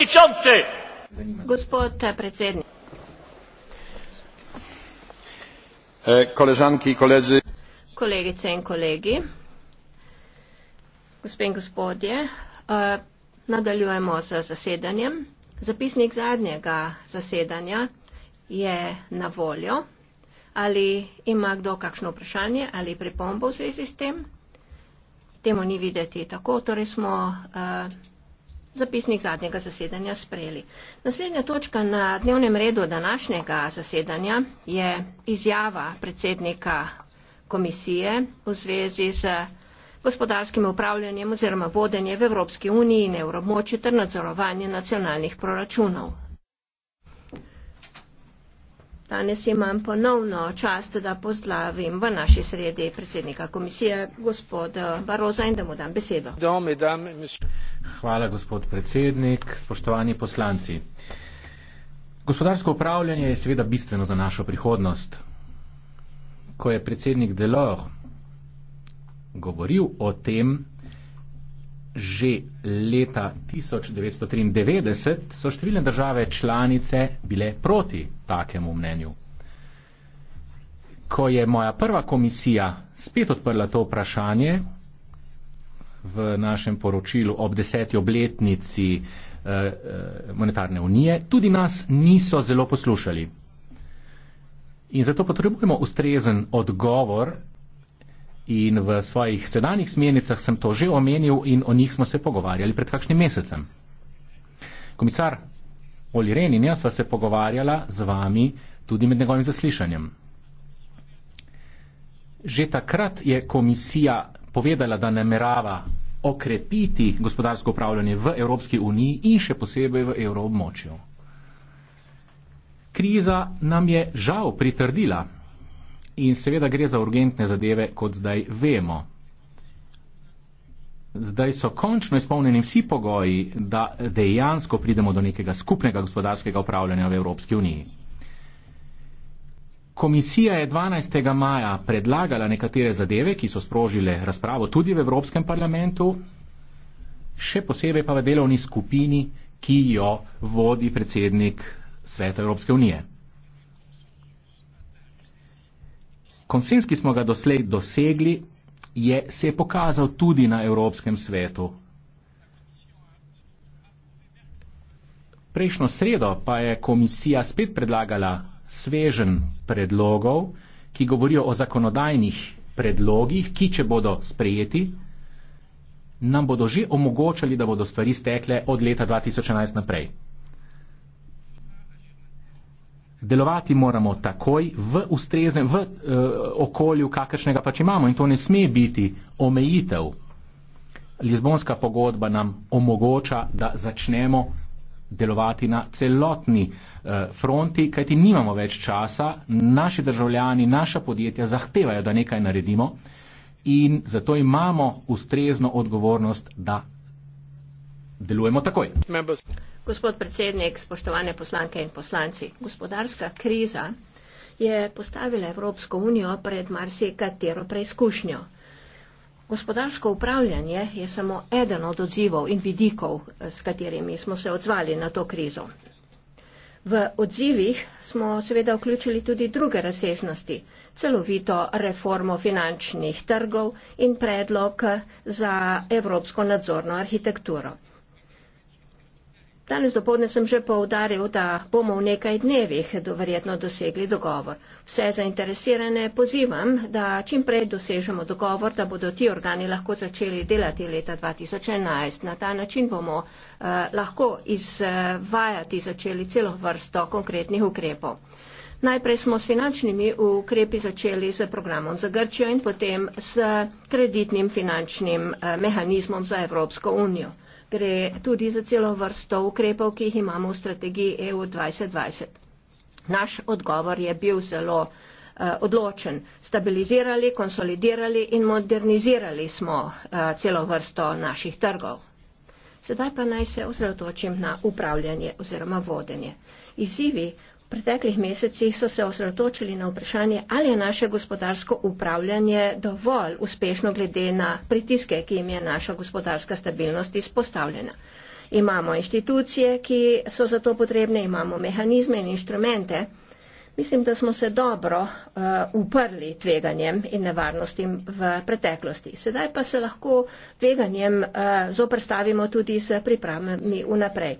tisoce. Gospod predsednik. E, Koležanki, koledzi. Kolegice in kolegi, gospe in gospodje, e, nadaljujemo z zasedanjem. Zapisnik zadnjega zasedanja je na voljo. Ali ima kdo kakšno vprašanje ali pripombo v zvezi s tem? Temu ni videti tako, torej smo e, zapisnik zadnjega zasedanja sprejeli. Naslednja točka na dnevnem redu današnjega zasedanja je izjava predsednika komisije v zvezi z gospodarskim upravljanjem oziroma vodenje v Evropski uniji in evromoči ter nadzorovanje nacionalnih proračunov. Danes imam ponovno čast, da pozdravim v naši sredi predsednika komisije gospod Baroza in da mu dam besedo. Hvala, gospod predsednik. Spoštovani poslanci. Gospodarsko upravljanje je seveda bistveno za našo prihodnost. Ko je predsednik Delors govoril o tem, že leta 1993 so številne države članice bile proti takemu mnenju. Ko je moja prva komisija spet odprla to vprašanje v našem poročilu ob deseti obletnici eh, eh, monetarne unije, tudi nas niso zelo poslušali. In zato potrebujemo ustrezen odgovor In v svojih sedanjih smernicah sem to že omenil in o njih smo se pogovarjali pred kakšnim mesecem. Komisar Oli Ren in jaz sva se pogovarjala z vami tudi med njegovim zaslišanjem. Že takrat je komisija povedala, da namerava okrepiti gospodarsko upravljanje v Evropski uniji in še posebej v evroobmočju. Kriza nam je žal pritrdila in seveda gre za urgentne zadeve, kot zdaj vemo. Zdaj so končno izpolnjeni vsi pogoji, da dejansko pridemo do nekega skupnega gospodarskega upravljanja v Evropski uniji. Komisija je 12. maja predlagala nekatere zadeve, ki so sprožile razpravo tudi v Evropskem parlamentu, še posebej pa v delovni skupini, ki jo vodi predsednik Sveta Evropske unije. konsens, ki smo ga doslej dosegli, je, se je pokazal tudi na Evropskem svetu. Prejšnjo sredo pa je komisija spet predlagala svežen predlogov, ki govorijo o zakonodajnih predlogih, ki, če bodo sprejeti, nam bodo že omogočali, da bodo stvari stekle od leta 2011 naprej. Delovati moramo takoj v ustreznem, v uh, okolju, kakršnega pač imamo in to ne sme biti omejitev. Lizbonska pogodba nam omogoča, da začnemo delovati na celotni uh, fronti, kajti nimamo več časa, naši državljani, naša podjetja zahtevajo, da nekaj naredimo in zato imamo ustrezno odgovornost, da delujemo takoj. Members. Gospod predsednik, spoštovane poslanke in poslanci, gospodarska kriza je postavila Evropsko unijo pred marsikatero preizkušnjo. Gospodarsko upravljanje je samo eden od odzivov in vidikov, s katerimi smo se odzvali na to krizo. V odzivih smo seveda vključili tudi druge razsežnosti, celovito reformo finančnih trgov in predlog za evropsko nadzorno arhitekturo. Danes dopoledne sem že poudaril, da bomo v nekaj dnevih do verjetno dosegli dogovor. Vse zainteresirane pozivam, da čim prej dosežemo dogovor, da bodo ti organi lahko začeli delati leta 2011. Na ta način bomo eh, lahko izvajati začeli celo vrsto konkretnih ukrepov. Najprej smo s finančnimi ukrepi začeli z programom za Grčijo in potem s kreditnim finančnim eh, mehanizmom za Evropsko unijo gre tudi za celo vrsto ukrepov, ki jih imamo v strategiji EU 2020. Naš odgovor je bil zelo eh, odločen. Stabilizirali, konsolidirali in modernizirali smo eh, celo vrsto naših trgov. Sedaj pa naj se osredotočim na upravljanje oziroma vodenje. Izzivi preteklih mesecih so se osredotočili na vprašanje, ali je naše gospodarsko upravljanje dovolj uspešno glede na pritiske, ki jim je naša gospodarska stabilnost izpostavljena. Imamo inštitucije, ki so za to potrebne, imamo mehanizme in inštrumente. Mislim, da smo se dobro uh, uprli tveganjem in nevarnostim v preteklosti. Sedaj pa se lahko tveganjem uh, eh, zoprstavimo tudi s pripravami vnaprej.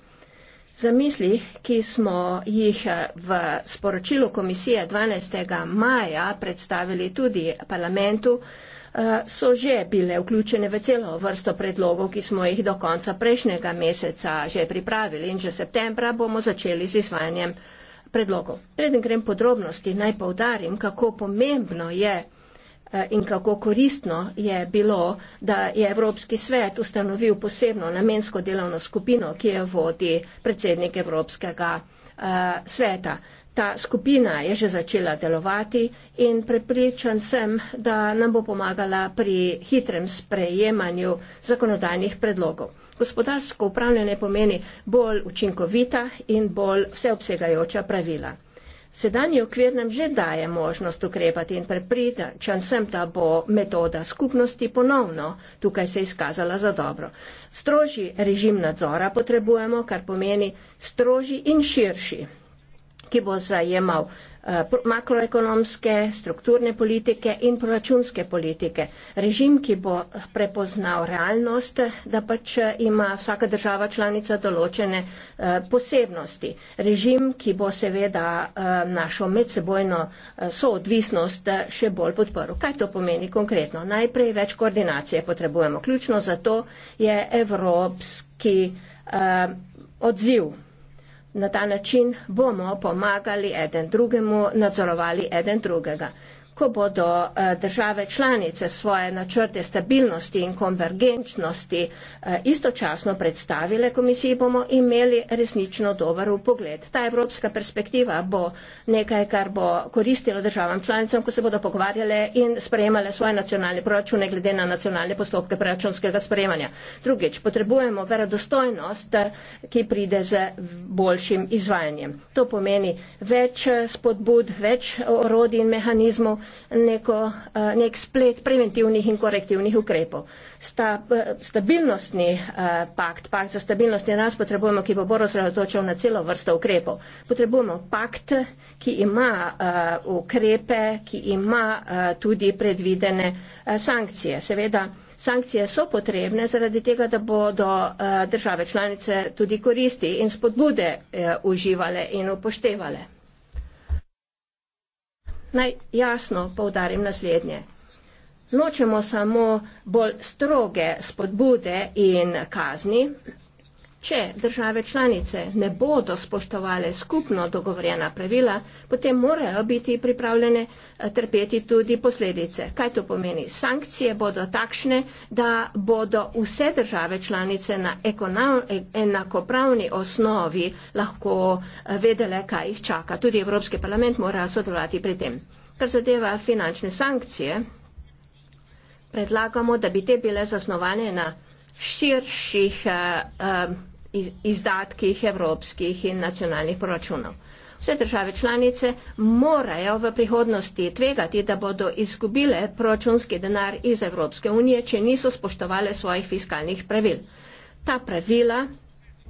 Zamisli, ki smo jih eh, v sporočilu komisije 12. maja predstavili tudi parlamentu, eh, so že bile vključene v celo vrsto predlogov, ki smo jih do konca prejšnjega meseca že pripravili in že septembra bomo začeli z izvajanjem predlogov. Preden grem podrobnosti, naj povdarim, kako pomembno je Eh, in kako koristno je bilo, da je Evropski svet ustanovil posebno namensko delovno skupino, ki jo vodi predsednik Evropskega eh, sveta. Ta skupina je že začela delovati in prepričan sem, da nam bo pomagala pri hitrem sprejemanju zakonodajnih predlogov. Gospodarsko upravljanje pomeni bolj učinkovita in bolj vseobsegajoča pravila. Sedanji okvir nam že daje možnost ukrepati in prepričan sem, da bo metoda skupnosti ponovno tukaj se izkazala za dobro. Strožji režim nadzora potrebujemo, kar pomeni strožji in širši, ki bo zajemal Eh, makroekonomske, strukturne politike in proračunske politike. Režim, ki bo prepoznal realnost, da pač eh, ima vsaka država članica določene eh, posebnosti. Režim, ki bo seveda našo medsebojno soodvisnost še bolj podporil. Kaj to pomeni konkretno? Najprej več koordinacije potrebujemo. Ključno zato je evropski odziv Na ta način bomo pomagali eden drugemu, nadzorovali eden drugega ko bodo eh, države članice svoje načrte stabilnosti in konvergenčnosti eh, istočasno predstavile komisiji, bomo imeli resnično dober upogled. Ta evropska perspektiva bo nekaj, kar bo koristilo državam članicam, ko se bodo pogovarjale in sprejemale svoje nacionalne proračune glede na nacionalne postopke proračunskega sprejemanja. Drugič, potrebujemo verodostojnost, ki pride z boljšim izvajanjem. To pomeni več eh, spodbud, več orodij in mehanizmov, neko, eh, nek splet preventivnih in korektivnih ukrepov. Sta, eh, stabilnostni eh, pakt, pakt za stabilnost je nas potrebujemo, ki bo bolj osredotočal na celo vrsto ukrepov. Potrebujemo pakt, ki ima ukrepe, ki ima tudi predvidene sankcije. Seveda, sankcije so potrebne zaradi tega, da bodo države članice tudi koristi in spodbude uživale in upoštevale naj jasno povdarim naslednje. Nočemo samo bolj stroge spodbude in kazni, Če države članice ne bodo spoštovale skupno dogovorjena pravila, potem morajo biti pripravljene eh, trpeti tudi posledice. Kaj to pomeni? Sankcije bodo takšne, da bodo vse države članice na e, enakopravni osnovi lahko eh, vedele, kaj jih čaka. Tudi Evropski parlament mora sodelovati pri tem. Kar zadeva finančne sankcije, predlagamo, da bi te bile zasnovane na širših uh, uh, izdatkih evropskih in nacionalnih proračunov. Vse države članice morajo v prihodnosti tvegati, da bodo izgubile proračunski denar iz Evropske unije, če niso spoštovale svojih fiskalnih pravil. Ta pravila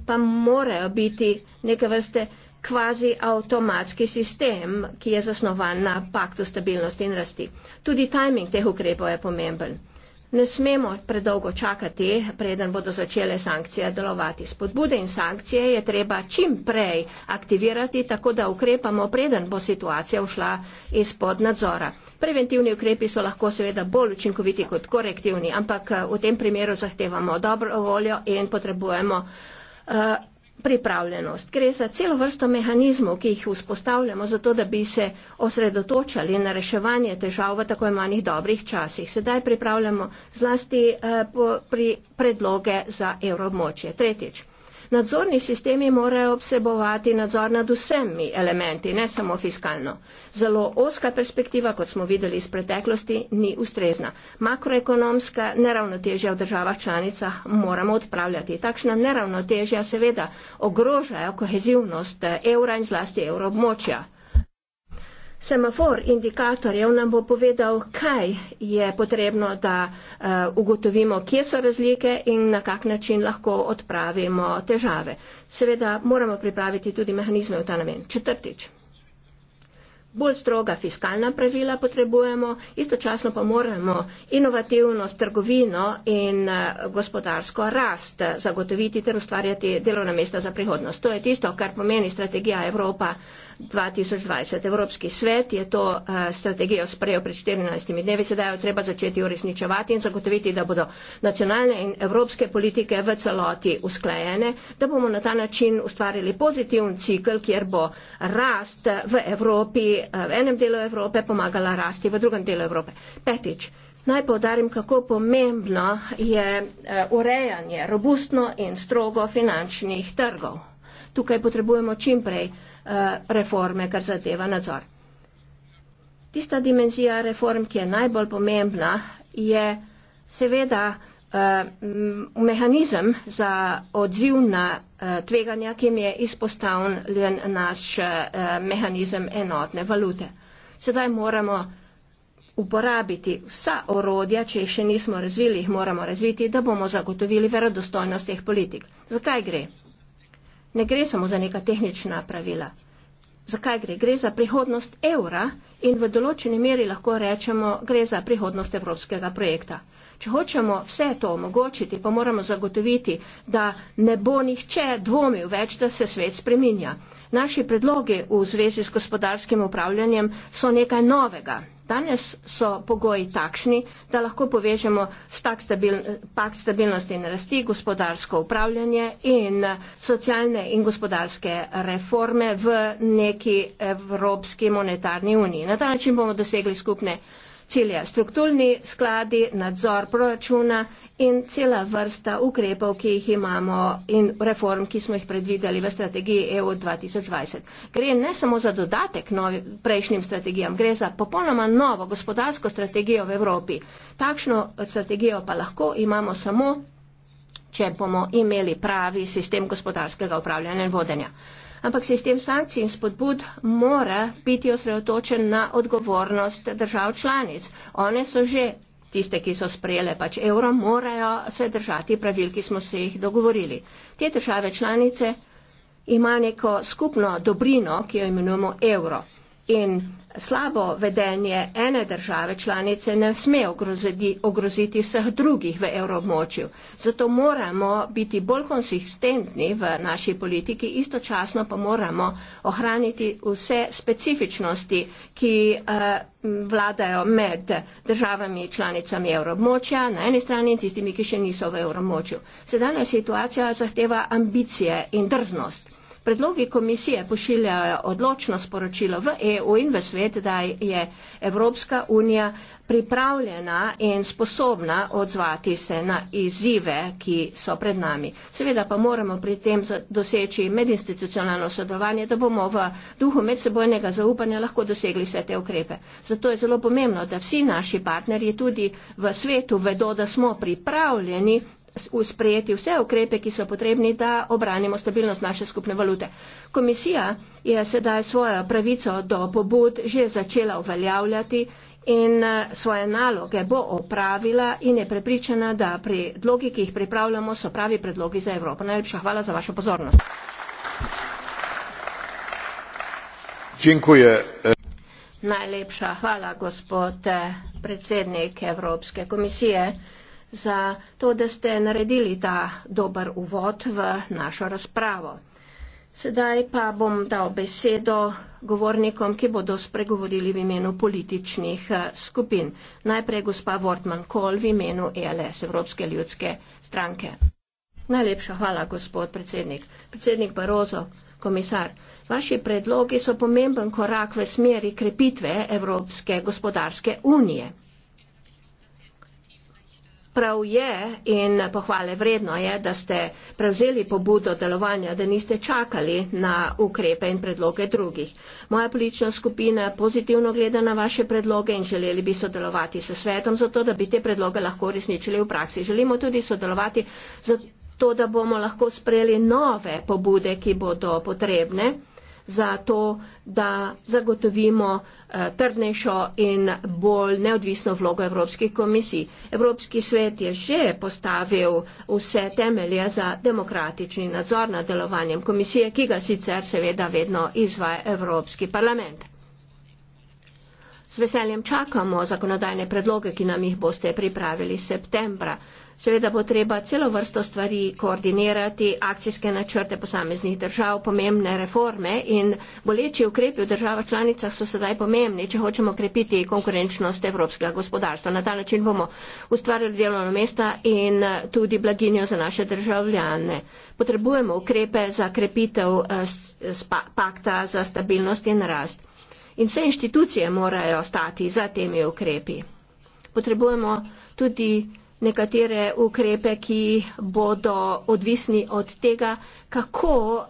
pa morajo biti neke vrste kvazi avtomatski sistem, ki je zasnovan na paktu stabilnosti in rasti. Tudi tajming teh ukrepov je pomemben. Ne smemo predolgo čakati, preden bodo začele sankcije delovati. Spodbude in sankcije je treba čim prej aktivirati, tako da ukrepamo, preden bo situacija ušla izpod nadzora. Preventivni ukrepi so lahko seveda bolj učinkoviti kot korektivni, ampak eh, v tem primeru zahtevamo dobro voljo in potrebujemo uh, pripravljenost. Gre za celo vrsto mehanizmov, ki jih vzpostavljamo, zato da bi se osredotočali na reševanje težav v tako imenih dobrih časih. Sedaj pripravljamo zlasti eh, po, pri predloge za evroobmočje. Tretjič. Nadzorni sistemi morajo obsebovati nadzor nad vsemi elementi, ne samo fiskalno. Zelo oska perspektiva, kot smo videli iz preteklosti, ni ustrezna. Makroekonomska neravnotežja v državah članicah moramo odpravljati. Takšna neravnotežja seveda ogrožajo kohezivnost evra in zlasti evroobmočja. Semafor indikatorjev nam bo povedal, kaj je potrebno, da eh, ugotovimo, kje so razlike in na kak način lahko odpravimo težave. Seveda moramo pripraviti tudi mehanizme v ta namen. Četrtič. Bolj stroga fiskalna pravila potrebujemo, istočasno pa moramo inovativnost, trgovino in eh, gospodarsko rast eh, zagotoviti ter ustvarjati delovna mesta za prihodnost. To je tisto, kar pomeni strategija Evropa 2020. Evropski svet je to eh, strategijo sprejel pred 14 dnevi, sedaj jo treba začeti uresničevati in zagotoviti, da bodo nacionalne in evropske politike v celoti usklajene, da bomo na ta način ustvarili pozitivn cikl, kjer bo rast v Evropi, eh, v enem delu Evrope pomagala rasti v drugem delu Evrope. Petič. Naj povdarim, kako pomembno je eh, urejanje robustno in strogo finančnih trgov. Tukaj potrebujemo čim prej Eh, reforme, kar zadeva nadzor. Tista dimenzija reform, ki je najbolj pomembna, je seveda uh, mehanizem za odziv na uh, tveganja, ki jim je izpostavljen naš uh, mehanizem enotne valute. Sedaj moramo uporabiti vsa orodja, če jih še nismo razvili, jih moramo razviti, da bomo zagotovili verodostojnost teh politik. Zakaj gre? ne gre samo za neka tehnična pravila. Zakaj gre? Gre za prihodnost evra in v določeni meri lahko rečemo, gre za prihodnost evropskega projekta. Če hočemo vse to omogočiti, pa moramo zagotoviti, da ne bo nihče dvomil več, da se svet spreminja. Naši predlogi v zvezi s gospodarskim upravljanjem so nekaj novega. Danes so pogoji takšni, da lahko povežemo stabil, pakt stabilnosti in rasti, gospodarsko upravljanje in socialne in gospodarske reforme v neki Evropski monetarni uniji. Na ta način bomo dosegli skupne cilje strukturni skladi, nadzor proračuna in cela vrsta ukrepov, ki jih imamo in reform, ki smo jih predvideli v strategiji EU 2020. Gre ne samo za dodatek novi, prejšnjim strategijam, gre za popolnoma novo gospodarsko strategijo v Evropi. Takšno strategijo pa lahko imamo samo, če bomo imeli pravi sistem gospodarskega upravljanja in vodenja ampak sistem sankcij in spodbud mora biti osredotočen na odgovornost držav članic. One so že tiste, ki so sprejele pač evro, morajo se držati pravil, ki smo se jih dogovorili. Te države članice ima neko skupno dobrino, ki jo imenujemo evro in slabo vedenje ene države članice ne sme ogroziti, ogroziti vseh drugih v evromočju. Zato moramo biti bolj konsistentni v naši politiki, istočasno pa moramo ohraniti vse specifičnosti, ki eh, vladajo med državami članicami evromočja, na eni strani tistimi, ki še niso v evromočju. Sedajna situacija zahteva ambicije in drznost. Predlogi komisije pošiljajo odločno sporočilo v EU in v svet, da je Evropska unija pripravljena in sposobna odzvati se na izzive, ki so pred nami. Seveda pa moramo pri tem doseči medinstitucionalno sodelovanje, da bomo v duhu medsebojnega zaupanja lahko dosegli vse te ukrepe. Zato je zelo pomembno, da vsi naši partnerji tudi v svetu vedo, da smo pripravljeni sprejeti vse ukrepe, ki so potrebni, da obranimo stabilnost naše skupne valute. Komisija je sedaj svojo pravico do pobud že začela uveljavljati in svoje naloge bo opravila in je prepričana, da predlogi, ki jih pripravljamo, so pravi predlogi za Evropo. Najlepša hvala za vašo pozornost. Činkuje. Najlepša hvala, gospod eh, predsednik Evropske komisije za to, da ste naredili ta dober uvod v našo razpravo. Sedaj pa bom dal besedo govornikom, ki bodo spregovorili v imenu političnih eh, skupin. Najprej gospa Wortman Kol v imenu ELS Evropske ljudske stranke. Najlepša hvala, gospod predsednik. Predsednik Barozo, komisar, vaši predlogi so pomemben korak v smeri krepitve Evropske gospodarske unije. Prav je in pohvale vredno je, da ste prevzeli pobudo delovanja, da niste čakali na ukrepe in predloge drugih. Moja politična skupina pozitivno gleda na vaše predloge in želeli bi sodelovati s svetom, zato da bi te predloge lahko resničili v praksi. Želimo tudi sodelovati, zato da bomo lahko sprejeli nove pobude, ki bodo potrebne za to, da zagotovimo eh, trdnejšo in bolj neodvisno vlogo Evropskih komisij. Evropski svet je že postavil vse temelje za demokratični nadzor nad delovanjem komisije, ki ga sicer seveda vedno izvaja Evropski parlament. Z veseljem čakamo zakonodajne predloge, ki nam jih boste pripravili septembra. Seveda bo treba celo vrsto stvari koordinirati, akcijske načrte posameznih držav, pomembne reforme in boleči ukrepi v državah članicah so sedaj pomembni, če hočemo krepiti konkurenčnost evropskega gospodarstva. Na ta način bomo ustvarjali delovno mesta in tudi blaginjo za naše državljane. Potrebujemo ukrepe za krepitev eh, pakta za stabilnost in rast. In vse inštitucije morajo stati za temi ukrepi. Potrebujemo tudi nekatere ukrepe, ki bodo odvisni od tega, kako uh,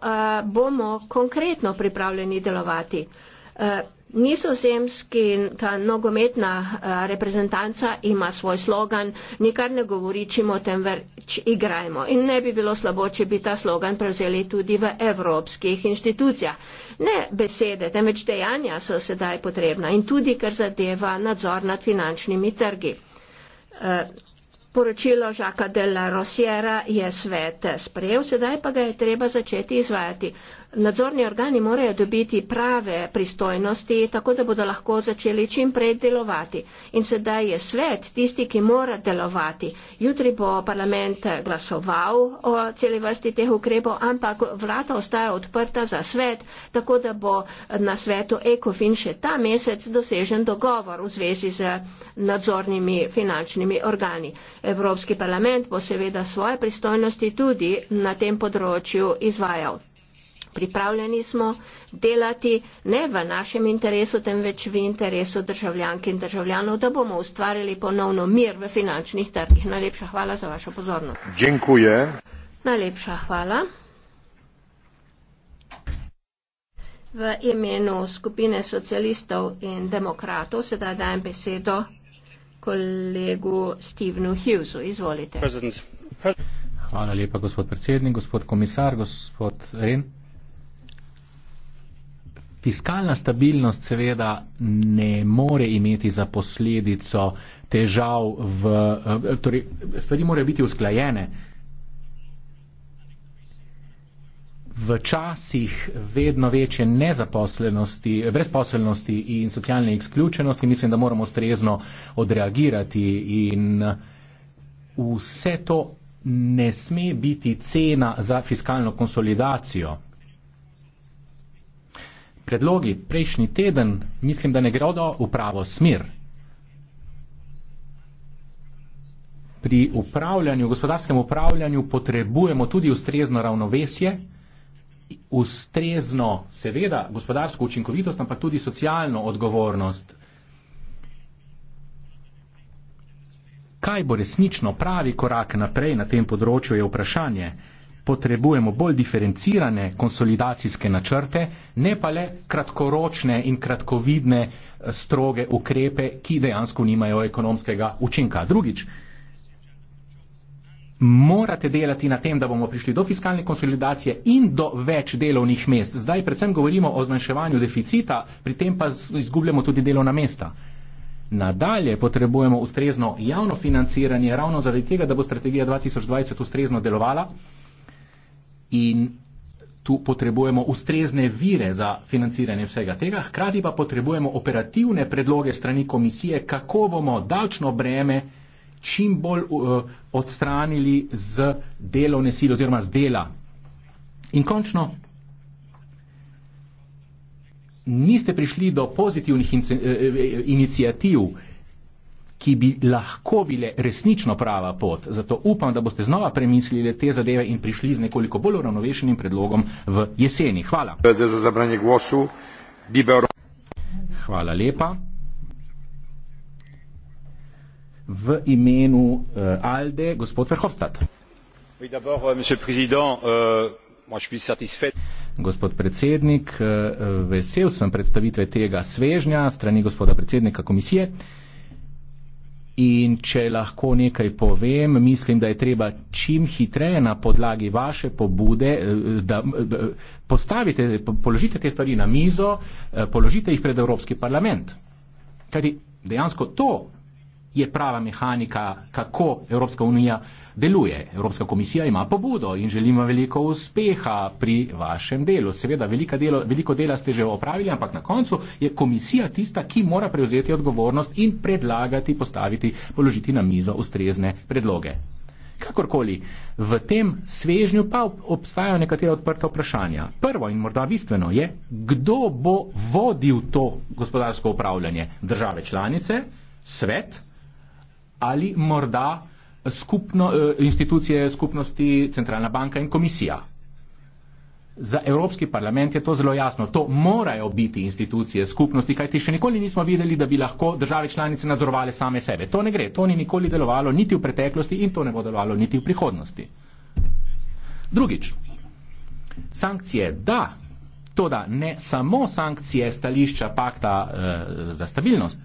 bomo konkretno pripravljeni delovati. Uh, Nizozemski ta nogometna a, eh, reprezentanca ima svoj slogan, nikar ne govoričimo, temveč igrajmo. In ne bi bilo slabo, če bi ta slogan prevzeli tudi v evropskih inštitucijah. Ne besede, temveč dejanja so sedaj potrebna in tudi, ker zadeva nadzor nad finančnimi trgi. E, Poročilo Žaka Dela Rosjera je svet sprejel, sedaj pa ga je treba začeti izvajati. Nadzorni organi morajo dobiti prave pristojnosti, tako da bodo lahko začeli čim prej delovati. In sedaj je svet tisti, ki mora delovati. Jutri bo parlament glasoval o celi vrsti teh ukrepov, ampak vrata ostaja odprta za svet, tako da bo na svetu ECOFIN še ta mesec dosežen dogovor v zvezi z nadzornimi finančnimi organi. Evropski parlament bo seveda svoje pristojnosti tudi na tem področju izvajal pripravljeni smo delati ne v našem interesu, temveč v interesu državljank in državljanov, da bomo ustvarili ponovno mir v finančnih trgih. Najlepša hvala za vašo pozornost. Dziękuję. Najlepša hvala. V imenu skupine socialistov in demokratov sedaj dajem besedo kolegu Stevenu Hughesu. Izvolite. President. President. Hvala lepa, gospod predsednik, gospod komisar, gospod Ren. Fiskalna stabilnost seveda ne more imeti za posledico težav v, eh, torej stvari morajo biti usklajene. V časih vedno večje nezaposlenosti, brezposelnosti in socialne izključenosti mislim, da moramo strezno odreagirati in vse to ne sme biti cena za fiskalno konsolidacijo predlogi prejšnji teden, mislim, da ne gre do v pravo smer. Pri upravljanju, gospodarskem upravljanju potrebujemo tudi ustrezno ravnovesje, ustrezno, seveda, gospodarsko učinkovitost, ampak tudi socialno odgovornost. Kaj bo resnično pravi korak naprej na tem področju, je vprašanje potrebujemo bolj diferencirane konsolidacijske načrte, ne pa le kratkoročne in kratkovidne eh, stroge ukrepe, ki dejansko nimajo ekonomskega učinka. Drugič, morate delati na tem, da bomo prišli do fiskalne konsolidacije in do več delovnih mest. Zdaj predvsem govorimo o zmanjševanju deficita, pri tem pa izgubljamo tudi delovna mesta. Nadalje potrebujemo ustrezno javno financiranje, ravno zaradi tega, da bo strategija 2020 ustrezno delovala in tu potrebujemo ustrezne vire za financiranje vsega tega, hkrati pa potrebujemo operativne predloge strani komisije, kako bomo davčno breme čim bolj uh, odstranili z delovne sile oziroma z dela. In končno, niste prišli do pozitivnih eh, eh, inicijativ, ki bi lahko bile resnično prava pot. Zato upam, da boste znova premislili te zadeve in prišli z nekoliko bolj uravnovešenim predlogom v jeseni. Hvala. Hvala lepa. V imenu uh, Alde, gospod Verhofstadt. Euh, euh, gospod predsednik, eh, vesel sem predstavitve tega svežnja strani gospoda predsednika komisije. In če lahko nekaj povem, mislim, da je treba čim hitreje na podlagi vaše pobude, eh, da postavite, položite te stvari na mizo, eh, položite jih pred Evropski parlament. Kajti dejansko to je prava mehanika, kako Evropska unija deluje. Evropska komisija ima pobudo in želim vam veliko uspeha pri vašem delu. Seveda, delo, veliko dela ste že opravili, ampak na koncu je komisija tista, ki mora prevzeti odgovornost in predlagati, postaviti, položiti na mizo ustrezne predloge. Kakorkoli, v tem svežnju pa obstajajo nekatera odprta vprašanja. Prvo in morda bistveno je, kdo bo vodil to gospodarsko upravljanje države članice, svet ali morda skupno, eh, institucije skupnosti, centralna banka in komisija. Za Evropski parlament je to zelo jasno. To morajo biti institucije skupnosti, kajti še nikoli nismo videli, da bi lahko države članice nadzorovali same sebe. To ne gre. To ni nikoli delovalo niti v preteklosti in to ne bo delovalo niti v prihodnosti. Drugič, sankcije da, to da ne samo sankcije stališča pakta e, za stabilnost,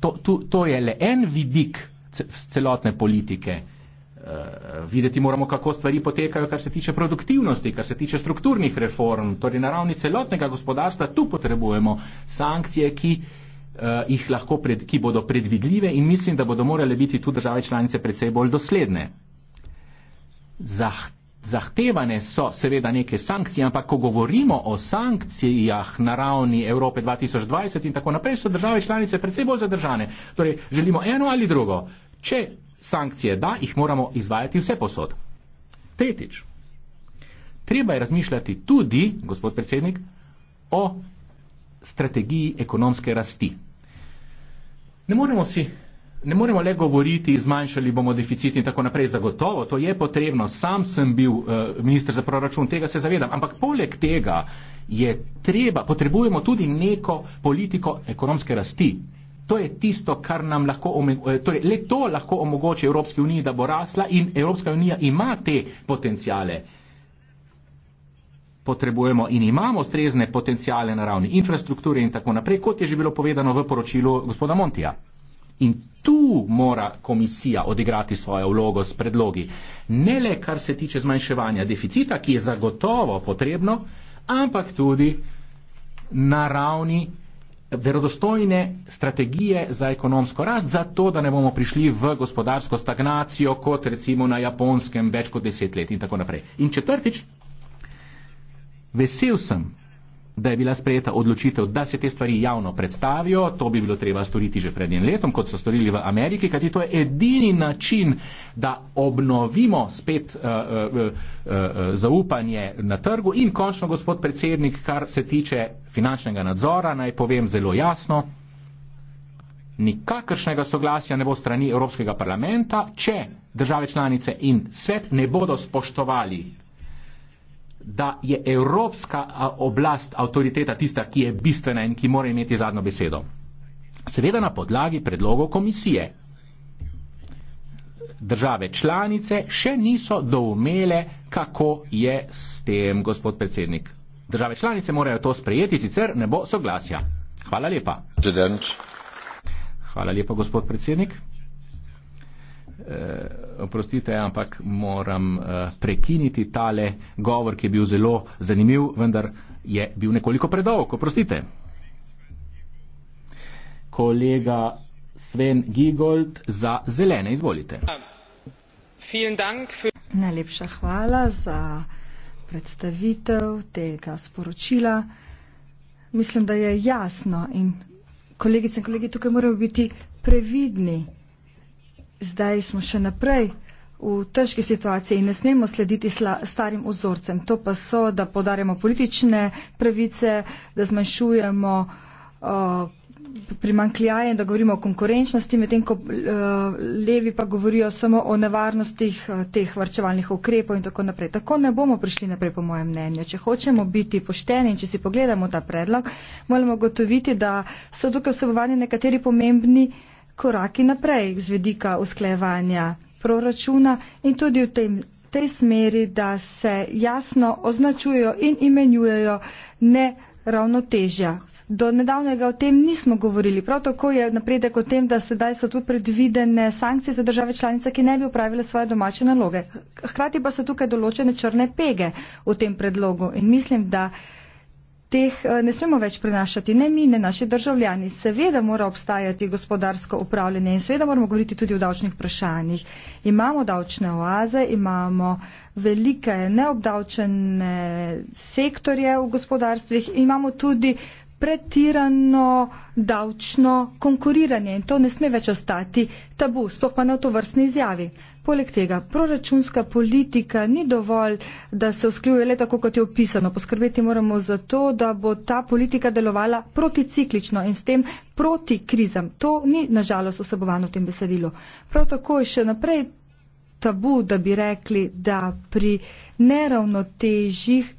to, to, to je le en vidik celotne politike. Eh, videti moramo, kako stvari potekajo, kar se tiče produktivnosti, kar se tiče strukturnih reform, torej na ravni celotnega gospodarstva. Tu potrebujemo sankcije, ki, uh, pred, ki bodo predvidljive in mislim, da bodo morale biti tu države članice predvsej bolj dosledne. Zahtevane so seveda neke sankcije, ampak ko govorimo o sankcijah na ravni Evrope 2020 in tako naprej, so države članice predvsej bolj zadržane. Torej, želimo eno ali drugo. Če sankcije da, jih moramo izvajati vse posod. Tretjič, treba je razmišljati tudi, gospod predsednik, o strategiji ekonomske rasti. Ne moremo si. Ne moremo le govoriti, zmanjšali bomo deficit in tako naprej. Zagotovo to je potrebno. Sam sem bil uh, minister za proračun, tega se zavedam. Ampak poleg tega je treba, potrebujemo tudi neko politiko ekonomske rasti. To je tisto, kar nam lahko, eh, torej le to lahko omogoča Evropski uniji, da bo rasla in Evropska unija ima te potencijale. Potrebujemo in imamo strezne potencijale na ravni infrastrukture in tako naprej, kot je že bilo povedano v poročilu gospoda Montija. In tu mora komisija odigrati svojo vlogo s predlogi. Ne le kar se tiče zmanjševanja deficita, ki je zagotovo potrebno, ampak tudi na ravni verodostojne strategije za ekonomsko rast, zato da ne bomo prišli v gospodarsko stagnacijo, kot recimo na japonskem več kot deset let in tako naprej. In četrtič, vesel sem, da je bila sprejeta odločitev, da se te stvari javno predstavijo, to bi bilo treba storiti že pred enim letom, kot so storili v Ameriki, kajti to je edini način, da obnovimo spet uh, uh, uh, uh, zaupanje na trgu in končno, gospod predsednik, kar se tiče finančnega nadzora, naj povem zelo jasno, nikakršnega soglasja ne bo strani Evropskega parlamenta, če države članice in svet ne bodo spoštovali da je evropska oblast avtoriteta tista, ki je bistvena in ki mora imeti zadnjo besedo. Seveda na podlagi predlogov komisije. Države članice še niso doumele, kako je s tem, gospod predsednik. Države članice morajo to sprejeti, sicer ne bo soglasja. Hvala lepa. Hvala lepa, gospod predsednik. Eh, oprostite, ampak moram eh, prekiniti tale govor, ki je bil zelo zanimiv, vendar je bil nekoliko predolg. Oprostite. Kolega Sven Gigold za zelene, izvolite. Najlepša hvala za predstavitev tega sporočila. Mislim, da je jasno in kolegice in kolegi, tukaj moramo biti previdni zdaj smo še naprej v težki situaciji in ne smemo slediti starim ozorcem. To pa so, da podarjamo politične pravice, da zmanjšujemo uh, primankljaje in da govorimo o konkurenčnosti, medtem ko uh, levi pa govorijo samo o nevarnostih uh, teh varčevalnih ukrepov in tako naprej. Tako ne bomo prišli naprej, po mojem mnenju. Če hočemo biti pošteni in če si pogledamo ta predlog, moramo gotoviti, da so tukaj vsebovani nekateri pomembni uh, koraki naprej z vedika usklejevanja proračuna in tudi v tem, tej smeri, da se jasno označujejo in imenjujejo neravnotežja. Do nedavnega o tem nismo govorili. Prav tako je napredek o tem, da sedaj so tu predvidene sankcije za države članice, ki ne bi upravile svoje domače naloge. Hkrati pa so tukaj določene črne pege v tem predlogu in mislim, da teh eh, ne smemo več prenašati, ne mi, ne naši državljani. Seveda mora obstajati gospodarsko upravljanje in seveda moramo govoriti tudi o davčnih vprašanjih. Imamo davčne oaze, imamo velike neobdavčene sektorje v gospodarstvih, imamo tudi pretirano davčno konkuriranje in to ne sme več ostati tabu, sploh pa ne v to vrstni izjavi. Poleg tega, proračunska politika ni dovolj, da se usklajuje le tako, kot je opisano. Poskrbeti moramo za to, da bo ta politika delovala proticiklično in s tem proti krizam. To ni nažalost osebovano v tem besedilu. Prav tako je še naprej tabu, da bi rekli, da pri neravnotežjih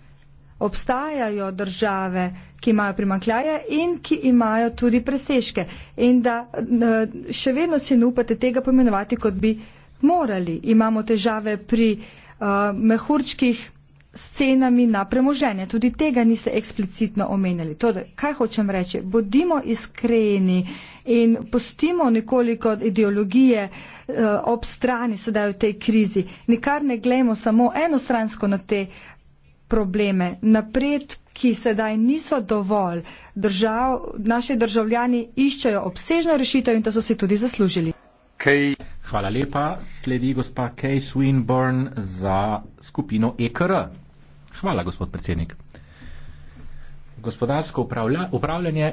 obstajajo države, ki imajo primankljaje in ki imajo tudi preseške. In da eh, še vedno se ne upate tega pomenovati, kot bi morali. Imamo težave pri uh, mehurčkih s cenami na premoženje. Tudi tega niste eksplicitno omenjali. Tode, kaj hočem reči? Bodimo iskreni in postimo nekoliko ideologije uh, ob strani sedaj v tej krizi. Nikar ne gledamo samo enostransko na te probleme. Napred, ki sedaj niso dovolj, držav, naši državljani iščejo obsežno rešitev in to so si tudi zaslužili. Kay. Hvala lepa. Sledi gospa Kay Swinburne za skupino EKR. Hvala, gospod predsednik. Gospodarsko upravlja, upravljanje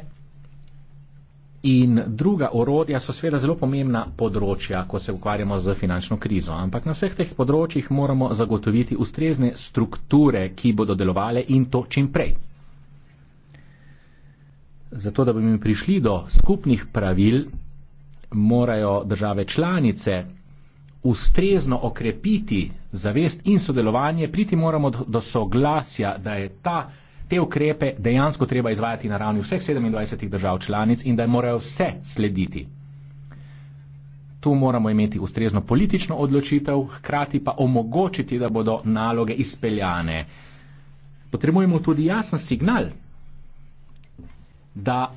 in druga orodja so seveda zelo pomembna področja, ko se ukvarjamo z finančno krizo. Ampak na vseh teh področjih moramo zagotoviti ustrezne strukture, ki bodo delovale in to čim prej. Zato, da bi mi prišli do skupnih pravil morajo države članice ustrezno okrepiti zavest in sodelovanje, priti moramo do soglasja, da je ta, te ukrepe dejansko treba izvajati na ravni vseh 27 držav članic in da morajo vse slediti. Tu moramo imeti ustrezno politično odločitev, hkrati pa omogočiti, da bodo naloge izpeljane. Potrebujemo tudi jasen signal, da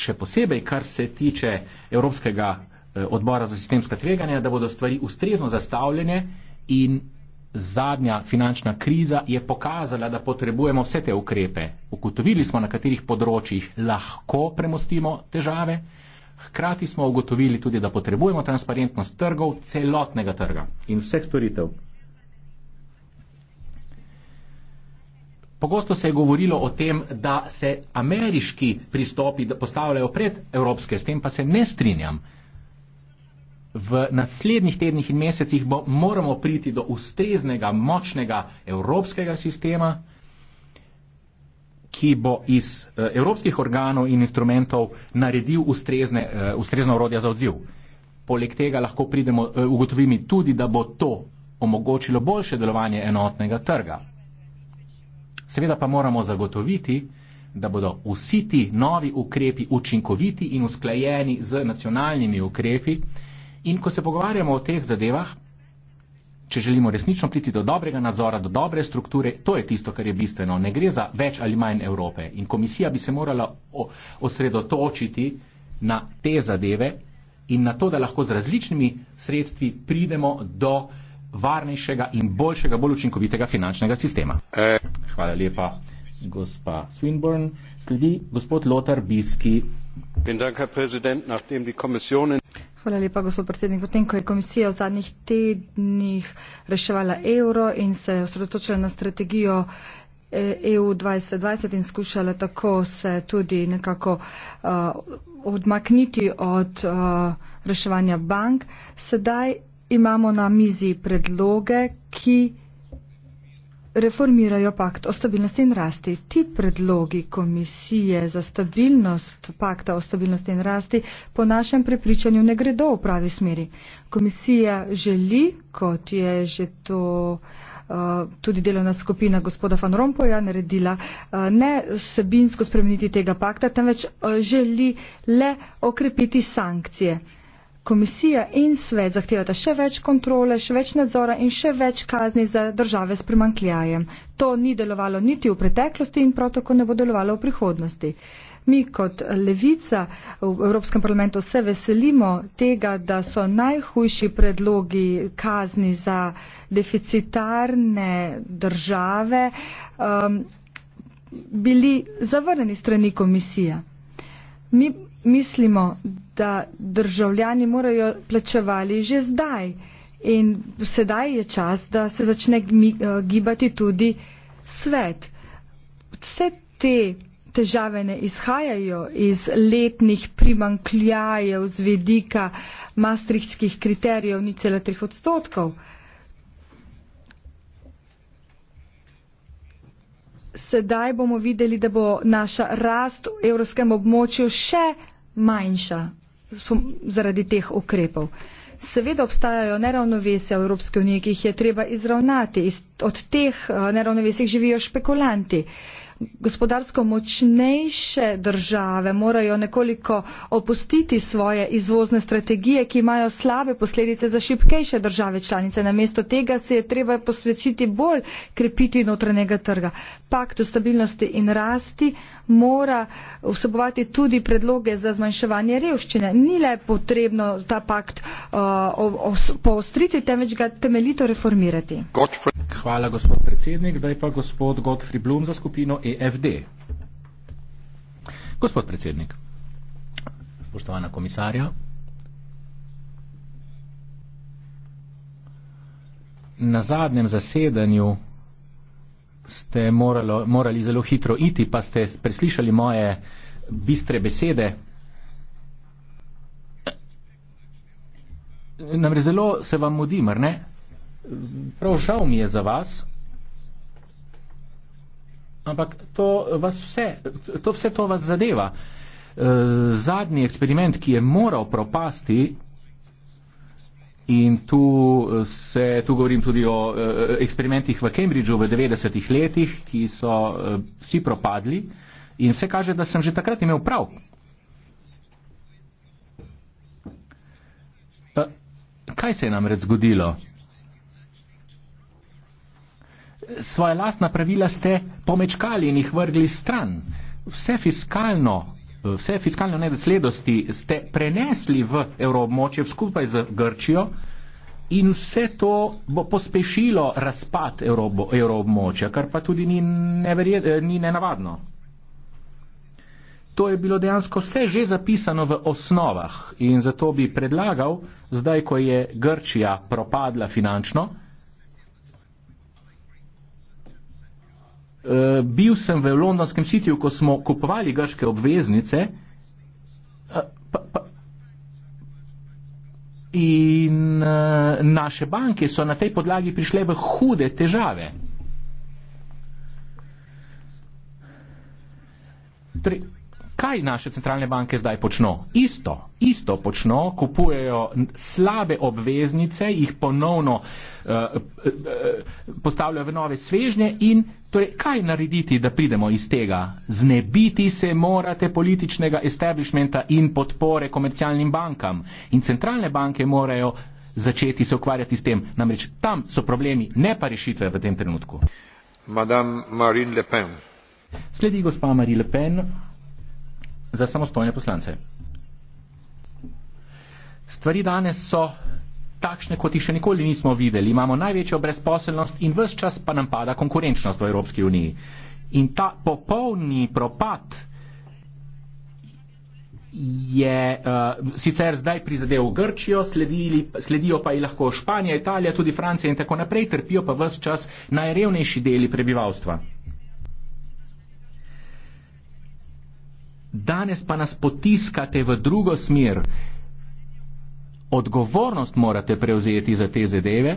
še posebej, kar se tiče Evropskega eh, odbora za sistemska tveganja, da bodo stvari ustrezno zastavljene in zadnja finančna kriza je pokazala, da potrebujemo vse te ukrepe. Ugotovili smo, na katerih področjih lahko premostimo težave, hkrati smo ugotovili tudi, da potrebujemo transparentnost trgov, celotnega trga in vseh storitev. Pogosto se je govorilo o tem, da se ameriški pristopi postavljajo pred evropske, s tem pa se ne strinjam. V naslednjih tednih in mesecih bo, moramo priti do ustreznega, močnega evropskega sistema, ki bo iz eh, evropskih organov in instrumentov naredil ustrezne, eh, ustrezno urodje za odziv. Poleg tega lahko pridemo, eh, ugotovimi tudi, da bo to omogočilo boljše delovanje enotnega trga. Seveda pa moramo zagotoviti, da bodo vsi ti novi ukrepi učinkoviti in usklajeni z nacionalnimi ukrepi. In ko se pogovarjamo o teh zadevah, če želimo resnično priti do dobrega nadzora, do dobre strukture, to je tisto, kar je bistveno. Ne gre za več ali manj Evrope. In komisija bi se morala osredotočiti na te zadeve in na to, da lahko z različnimi sredstvi pridemo do varnejšega in boljšega, bolj učinkovitega finančnega sistema. E Hvala lepa, gospa Swinburne. Sledi gospod Lotar Biski. Hvala lepa, gospod predsednik. Potem, ko je komisija v zadnjih tednih reševala evro in se osredotočila na strategijo EU eh, e 2020 in skušala tako se tudi nekako uh, odmakniti od uh, reševanja bank, sedaj imamo na mizi predloge, ki reformirajo pakt o stabilnosti in rasti. Ti predlogi komisije za stabilnost pakta o stabilnosti in rasti po našem prepričanju ne gredo v pravi smeri. Komisija želi, kot je že to eh, tudi delovna skupina gospoda Van Rompoja naredila, eh, ne sebinsko spremeniti tega pakta, temveč eh, želi le okrepiti sankcije komisija in svet zahtevata še več kontrole, še več nadzora in še več kazni za države s primankljajem. To ni delovalo niti v preteklosti in protoko ne bo delovalo v prihodnosti. Mi kot levica v Evropskem parlamentu se veselimo tega, da so najhujši predlogi kazni za deficitarne države um, bili zavrneni strani komisije. Mi mislimo, da državljani morajo plačevali že zdaj in sedaj je čas, da se začne eh, gibati tudi svet. Vse te težave ne izhajajo iz letnih primankljajev z vedika mastrihskih kriterijev ni celo 3 odstotkov. sedaj bomo videli, da bo naša rast v evropskem območju še manjša zaradi teh ukrepov. Seveda obstajajo neravnovesja v Evropske unije, ki jih je treba izravnati. Od teh eh, neravnovesij živijo špekulanti gospodarsko močnejše države morajo nekoliko opustiti svoje izvozne strategije, ki imajo slabe posledice za šipkejše države članice. Namesto tega se je treba posvečiti bolj krepiti notranjega trga. Pakt o stabilnosti in rasti mora vsebovati tudi predloge za zmanjševanje revščine. Ni le potrebno ta pakt uh, poostriti, temveč ga temeljito reformirati. Godfrey. Hvala, gospod predsednik. Zdaj pa gospod Godfrey Blum za skupino EFD. Gospod predsednik, spoštovana komisarja. Na zadnjem zasedanju ste moralo, morali zelo hitro iti, pa ste preslišali moje bistre besede. Namreč zelo se vam mudi, mar ne? Prav žal mi je za vas, ampak to, vas vse, to vse to vas zadeva. E, zadnji eksperiment, ki je moral propasti, In tu, eh, se, tu govorim tudi o uh, eksperimentih v Cambridgeu v 90-ih letih, ki so uh, vsi propadli in vse kaže, da sem že takrat imel prav. Uh, kaj se je namreč zgodilo? Svoje lastna pravila ste pomečkali in jih vrgli stran. Vse fiskalno vse fiskalne nedoslednosti ste prenesli v evroobmočje skupaj z Grčijo in vse to bo pospešilo razpad evroobmočja, kar pa tudi ni, neverje, eh, ni nenavadno. To je bilo dejansko vse že zapisano v osnovah in zato bi predlagal, zdaj ko je Grčija propadla finančno, uh, bil sem v londonskem sitiju, ko smo kupovali grške obveznice uh, pa, pa, in uh, naše banke so na tej podlagi prišle v hude težave. Tri kaj naše centralne banke zdaj počno? Isto, isto počno, kupujejo slabe obveznice, jih ponovno uh, postavljajo v nove svežnje in torej, kaj narediti, da pridemo iz tega? Znebiti se morate političnega establishmenta in podpore komercialnim bankam. In centralne banke morajo začeti se ukvarjati s tem. Namreč tam so problemi, ne pa rešitve v tem trenutku. Madame Marine Le Pen. Sledi gospa Marie Le Pen za samostojne poslance. Stvari danes so takšne, kot jih še nikoli nismo videli. Imamo največjo brezposelnost in vse čas pa nam pada konkurenčnost v Evropski uniji. In ta popolni propad je uh, sicer zdaj prizadel Grčijo, sledili, sledijo pa ji lahko Španija, Italija, tudi Francija in tako naprej, trpijo pa vse čas najrevnejši deli prebivalstva. Danes pa nas potiskate v drugo smer. Odgovornost morate prevzeti za te zadeve.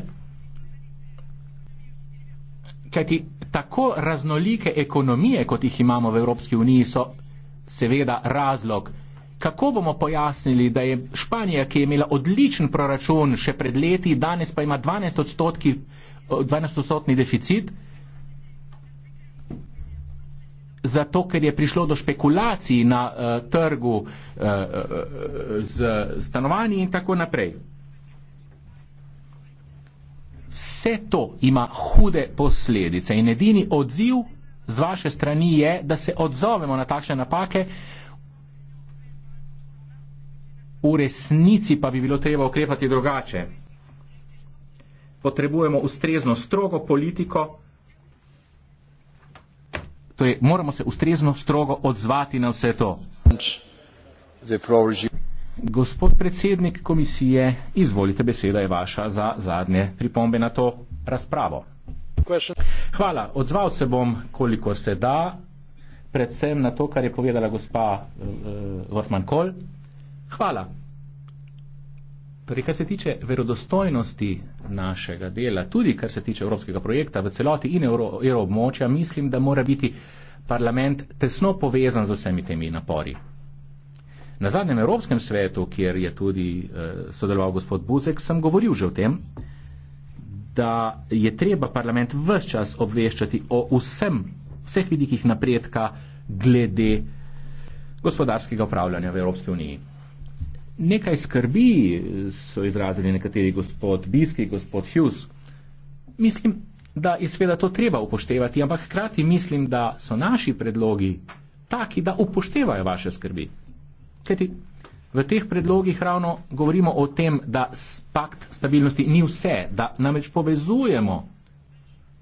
Kajti tako raznolike ekonomije, kot jih imamo v Evropski uniji, so seveda razlog, kako bomo pojasnili, da je Španija, ki je imela odličen proračun še pred leti, danes pa ima 12 odstotki, 12 odstotni deficit, zato ker je prišlo do špekulacij na uh, trgu uh, uh, z stanovanji in tako naprej. Vse to ima hude posledice in edini odziv z vaše strani je, da se odzovemo na takšne napake. V resnici pa bi bilo treba ukrepati drugače. Potrebujemo ustrezno strogo politiko, to je, moramo se ustrezno strogo odzvati na vse to. Gospod predsednik komisije, izvolite, beseda je vaša za zadnje pripombe na to razpravo. Hvala, odzval se bom, koliko se da, predvsem na to, kar je povedala gospa uh, eh, Vortman Kol. Hvala. Torej, kar se tiče verodostojnosti našega dela, tudi kar se tiče evropskega projekta v celoti in evroobmočja, mislim, da mora biti parlament tesno povezan z vsemi temi napori. Na zadnjem Evropskem svetu, kjer je tudi eh, sodeloval gospod Buzek, sem govoril že o tem, da je treba parlament vse čas obveščati o vsem, vseh vidikih napredka glede gospodarskega upravljanja v Evropski uniji. Nekaj skrbi so izrazili nekateri gospod Biski, gospod Hughes. Mislim, da je sveda to treba upoštevati, ampak hkrati mislim, da so naši predlogi taki, da upoštevajo vaše skrbi. Kajti v teh predlogih ravno govorimo o tem, da pakt stabilnosti ni vse, da namreč povezujemo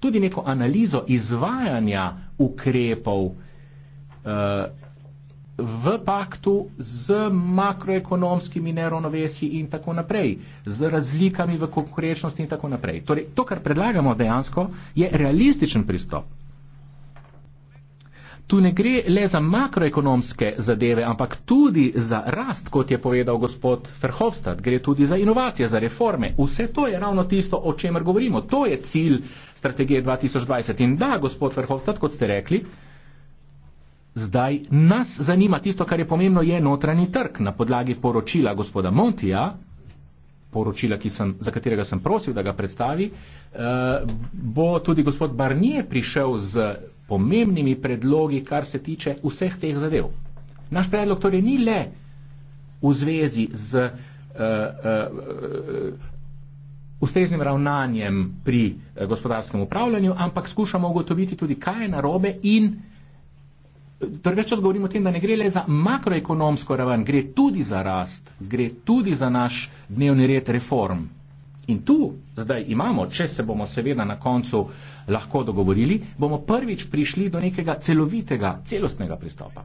tudi neko analizo izvajanja ukrepov. Uh, v paktu z makroekonomskimi neravnovesji in tako naprej, z razlikami v konkurenčnosti in tako naprej. Torej, to, kar predlagamo dejansko, je realističen pristop. Tu ne gre le za makroekonomske zadeve, ampak tudi za rast, kot je povedal gospod Verhofstadt, gre tudi za inovacije, za reforme. Vse to je ravno tisto, o čemer govorimo. To je cilj strategije 2020. In da, gospod Verhofstadt, kot ste rekli, zdaj nas zanima tisto, kar je pomembno, je notranji trg. Na podlagi poročila gospoda Montija, poročila, sem, za katerega sem prosil, da ga predstavi, eh, bo tudi gospod Barnier prišel z pomembnimi predlogi, kar se tiče vseh teh zadev. Naš predlog torej ni le v zvezi z uh, uh, uh, ustreznim ravnanjem pri gospodarskem upravljanju, ampak skušamo ugotoviti tudi, kaj je narobe in uh, Torej, več čas govorimo o tem, da ne gre le za makroekonomsko raven, gre tudi za rast, gre tudi za naš dnevni red reform. In tu zdaj imamo, če se bomo seveda na koncu lahko dogovorili, bomo prvič prišli do nekega celovitega, celostnega pristopa.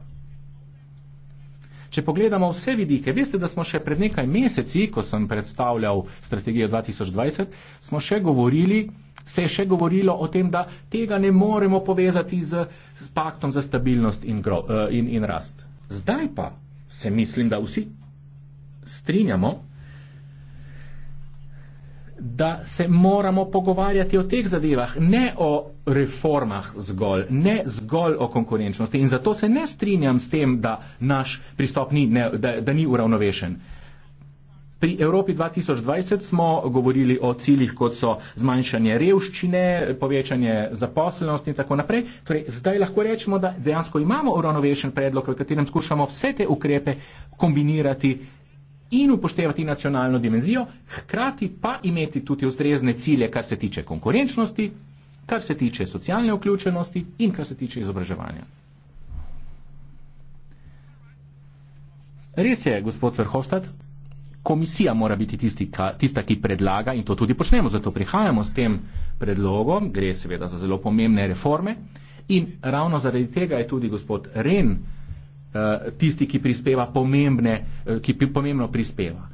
Če pogledamo vse vidike, veste, da smo še pred nekaj meseci, ko sem predstavljal strategijo 2020, smo še govorili, se je še govorilo o tem, da tega ne moremo povezati z, z paktom za stabilnost in, gro, eh, in, in rast. Zdaj pa se mislim, da vsi strinjamo, da se moramo pogovarjati o teh zadevah, ne o reformah zgolj, ne zgolj o konkurenčnosti. In zato se ne strinjam s tem, da naš pristop ni, ne, da, da ni uravnovešen. Pri Evropi 2020 smo govorili o ciljih, kot so zmanjšanje revščine, povečanje zaposlenosti in tako naprej. Torej, zdaj lahko rečemo, da dejansko imamo uravnovešen predlog, v katerem skušamo vse te ukrepe kombinirati in upoštevati nacionalno dimenzijo, hkrati pa imeti tudi ustrezne cilje, kar se tiče konkurenčnosti, kar se tiče socialne vključenosti in kar se tiče izobraževanja. Res je, gospod Verhofstadt, komisija mora biti tisti, ka, tista, ki predlaga in to tudi počnemo, zato prihajamo s tem predlogom, gre seveda za zelo pomembne reforme in ravno zaradi tega je tudi gospod Ren Eh, tisti, ki prispeva pomembne, eh, ki pomembno prispeva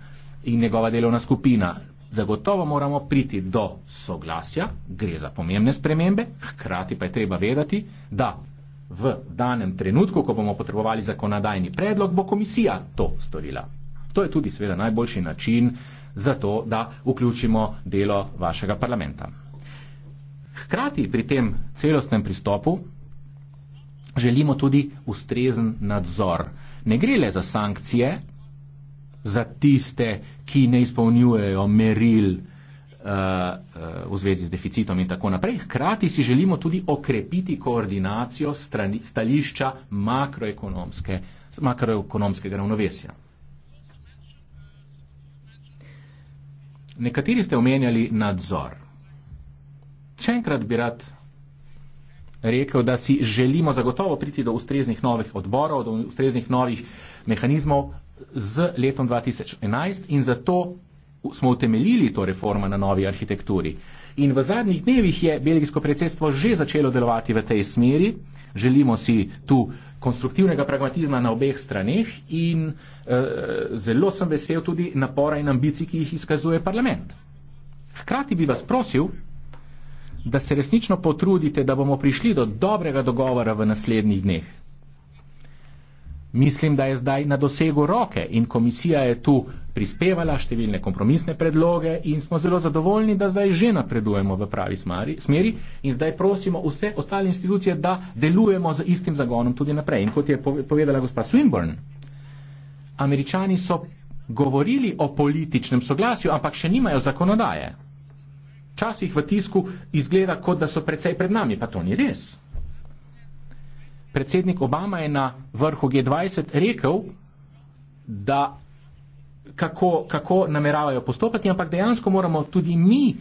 in njegova delovna skupina. Zagotovo moramo priti do soglasja, gre za pomembne spremembe, hkrati pa je treba vedeti, da v danem trenutku, ko bomo potrebovali zakonodajni predlog, bo komisija to storila. To je tudi seveda najboljši način za to, da vključimo delo vašega parlamenta. Hkrati pri tem celostnem pristopu želimo tudi ustrezen nadzor. Ne gre le za sankcije, za tiste, ki ne izpolnjujejo meril uh, v zvezi z deficitom in tako naprej. Hkrati si želimo tudi okrepiti koordinacijo strani, stališča makroekonomske, makroekonomskega ravnovesja. Nekateri ste omenjali nadzor. Še enkrat bi rad rekel, da si želimo zagotovo priti do ustreznih novih odborov, do ustreznih novih mehanizmov z letom 2011 in zato smo utemeljili to reformo na novi arhitekturi. In v zadnjih dnevih je belgijsko predsedstvo že začelo delovati v tej smeri. Želimo si tu konstruktivnega pragmatizma na obeh straneh in eh, zelo sem vesel tudi napora in ambicij, ki jih izkazuje parlament. Hkrati bi vas prosil, da se resnično potrudite, da bomo prišli do dobrega dogovora v naslednjih dneh. Mislim, da je zdaj na dosegu roke in komisija je tu prispevala številne kompromisne predloge in smo zelo zadovoljni, da zdaj že napredujemo v pravi smeri in zdaj prosimo vse ostale institucije, da delujemo z istim zagonom tudi naprej. In kot je povedala gospa Swinburne, američani so govorili o političnem soglasju, ampak še nimajo zakonodaje včasih v tisku izgleda kot, da so precej pred nami, pa to ni res. Predsednik Obama je na vrhu G20 rekel, da kako, kako nameravajo postopati, ampak dejansko moramo tudi mi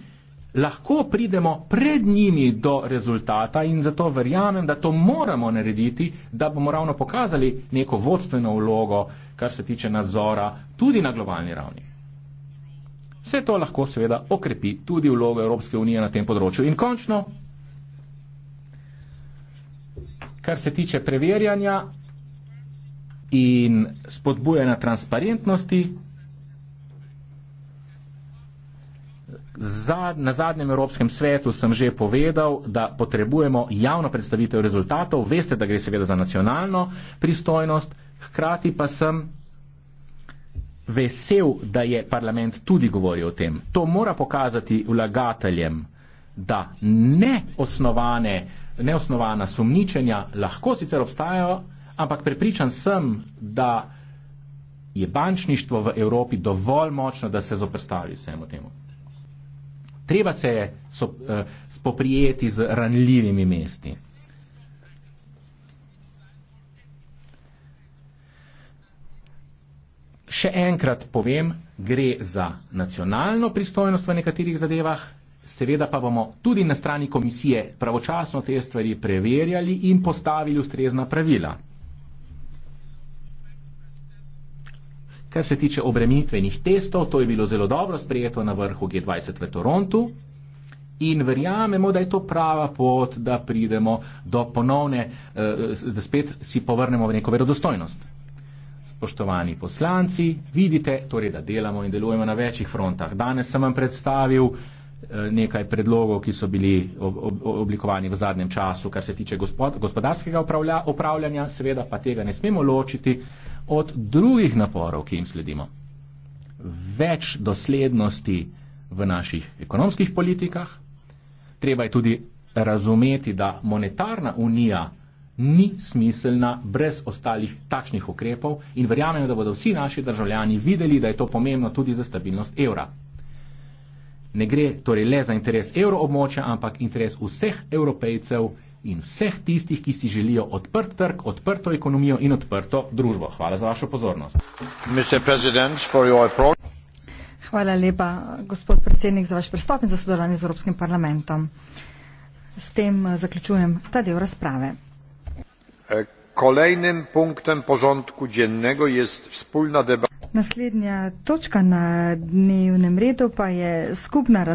lahko pridemo pred njimi do rezultata in zato verjamem, da to moramo narediti, da bomo ravno pokazali neko vodstveno vlogo, kar se tiče nadzora, tudi na globalni ravni. Vse to lahko seveda okrepi tudi vlogo Evropske unije na tem področju. In končno, kar se tiče preverjanja in spodbujanja transparentnosti, Na zadnjem Evropskem svetu sem že povedal, da potrebujemo javno predstavitev rezultatov. Veste, da gre seveda za nacionalno pristojnost, hkrati pa sem vesel, da je parlament tudi govoril o tem. To mora pokazati vlagateljem, da neosnovane, neosnovana sumničenja lahko sicer obstajajo, ampak prepričan sem, da je bančništvo v Evropi dovolj močno, da se zoprstavi vsemu temu. Treba se je eh, spoprijeti z ranljivimi mesti. še enkrat povem, gre za nacionalno pristojnost v nekaterih zadevah, seveda pa bomo tudi na strani komisije pravočasno te stvari preverjali in postavili ustrezna pravila. Kar se tiče obremenitvenih testov, to je bilo zelo dobro sprejeto na vrhu G20 v Torontu in verjamemo, da je to prava pot, da pridemo do ponovne, eh, da spet si povrnemo v neko verodostojnost spoštovani poslanci, vidite, torej, da delamo in delujemo na večjih frontah. Danes sem vam predstavil eh, nekaj predlogov, ki so bili oblikovani v zadnjem času, kar se tiče gospodarskega upravljanja, seveda pa tega ne smemo ločiti od drugih naporov, ki jim sledimo. Več doslednosti v naših ekonomskih politikah, treba je tudi razumeti, da monetarna unija ni smiselna brez ostalih takšnih ukrepov in verjamem, da bodo vsi naši državljani videli, da je to pomembno tudi za stabilnost evra. Ne gre torej le za interes evroobmoča, ampak interes vseh evropejcev in vseh tistih, ki si želijo odprt trg, odprto ekonomijo in odprto družbo. Hvala za vašo pozornost. Hvala lepa, gospod predsednik, za vaš pristop in za sodelovanje z Evropskim parlamentom. S tem eh, zaključujem ta del razprave. E, kolejnym punktem porządku dziennego jest wspólna debata